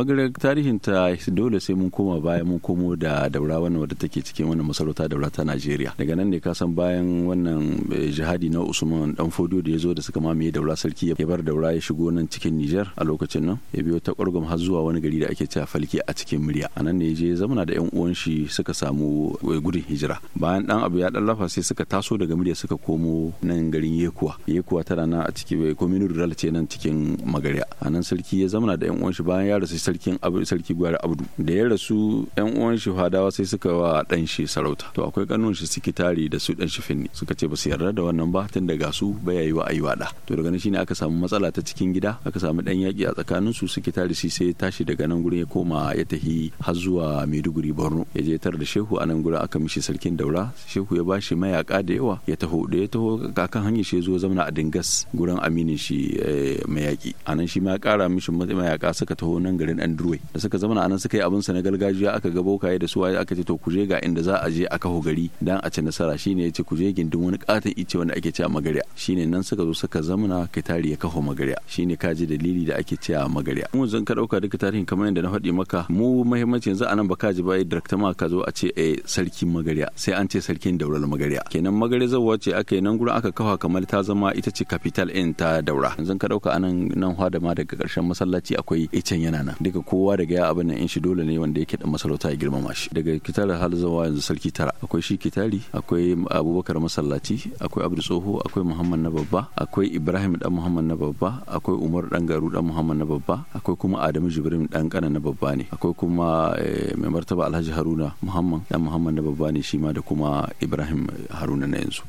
bangaren tarihin ta dole sai mun koma baya mun komo da daura wannan wadda take cikin wannan masarauta daura ta Najeriya daga nan ne ka san bayan wannan eh, jihadi na Usman dan Fodio da ya zo da suka mamaye daura sarki ya bar daura ya shigo nan cikin Niger a lokacin nan ya biyo ta Kurgum har zuwa wani gari da ake cewa Falki a cikin Murya anan ne je zamana da yan uwan shi suka samu eh, gudun hijira bayan dan abu ya dan lafa sai suka taso daga Murya suka komo nan garin Yekuwa Yekuwa tana nan a cikin eh, community rural ce nan cikin Magariya anan sarki ya zamana da yan uwan shi bayan ya rasu sarkin sarki gwari abdu da ya rasu yan uwan shi fadawa sai suka wa dan shi sarauta to akwai kanun shi suke tare da su dan shi finni suka ce ba su yarda da wannan ba tun daga su ba yayi wa ayi wada to daga nan shine aka samu matsala ta cikin gida aka samu dan yaki a tsakanin su suke tare shi sai tashi daga nan gurin ya koma ya tahi har zuwa Maiduguri Borno ya je tar da shehu a nan gurin aka mishi sarkin daura shehu ya bashi mayaka da yawa ya taho da ya taho kakan hanyar shi zo zamana a Dingas gurin aminin shi eh, mayaki anan shi ma ya kara mishi mayaka suka taho nan garin an dan da suka zama anan suka yi abin sa na gargajiya aka ga bokaye da suwaye aka ce to ku je ga inda za a je a kaho gari dan a ci nasara shine ya ce ku je gindin wani katon ice wanda ake cewa magarya shine nan suka zo suka zamana kitari ya kaho magarya shine kaji dalili da ake cewa magarya mu zan ka dauka duka tarihin kamar yadda na faɗi maka mu muhimmanci yanzu anan baka ji ba eh, director ma ka zo a ce eh sarkin magarya sai an ce sarkin daular magarya kenan magarya zawa ce aka yi nan gurin aka kafa kamar ta zama ita ce capital in ta daura yanzu ka dauka anan nan hwa da ma daga karshen masallaci akwai icen yana nan duka kowa daga ya abin nan in shi dole ne wanda yake da masarauta ya girmama shi daga kitara har zuwa yanzu sarki tara akwai shi kitari akwai abubakar masallaci akwai abdu tsoho akwai muhammad na babba akwai ibrahim dan muhammad na babba akwai umar dan garu dan muhammad na babba akwai kuma adamu jibrin dan kana na babba ne akwai kuma eh, mai martaba alhaji haruna muhammad dan muhammad na babba ne shi ma da kuma ibrahim haruna na yanzu